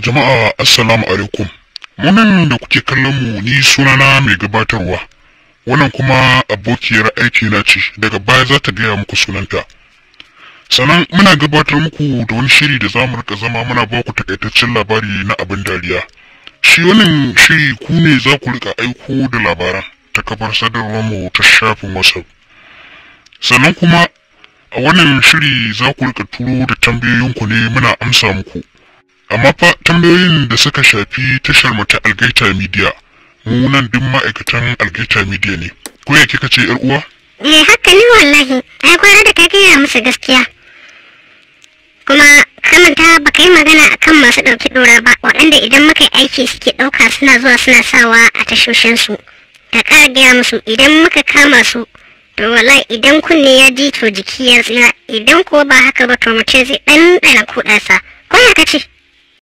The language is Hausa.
jama'a assalamu alaikum munan da kuke kallon mu ni sunana mai gabatarwa wannan kuma abokiyar aiki na ce daga baya za ta gaya muku sunanta sannan muna gabatar muku da wani shiri da zamu rika zama muna ba ku takaitaccen labari na abin dariya shi wannan shiri ku ne za ku rika aiko da labaran ta kafar sadarwar mu ta shafin whatsapp sannan kuma a wannan shiri za ku rika turo da tambayoyinku ne muna amsa muku amma fa tambayoyin da suka shafi tashar mu ta algaita media mu nan duk ma'aikatan algaita media ne ko ya kika ce yar uwa eh haka ne wallahi ai kwara da ka gaya musu gaskiya kuma kamanta ba kai yi magana akan masu ɗauki ɗora ba waɗanda idan muka yi aiki suke ɗauka suna zuwa suna sawa a tashoshinsu ta ƙara gaya musu idan muka kama su to wallahi idan kunne ya ji to jiki ya tsira idan ko ba haka ba to mutum zai ɗanɗana kuɗansa ko ya kace?